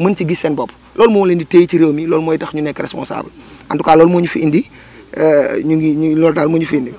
mën ci gis seen bopp loolu moo leen di téye ci réew mi loolu mooy tax ñu nekk responsable en tout cas loolu moo ñu fi indi euh, ñu ngi ñu loolu daal moo ñu fi indi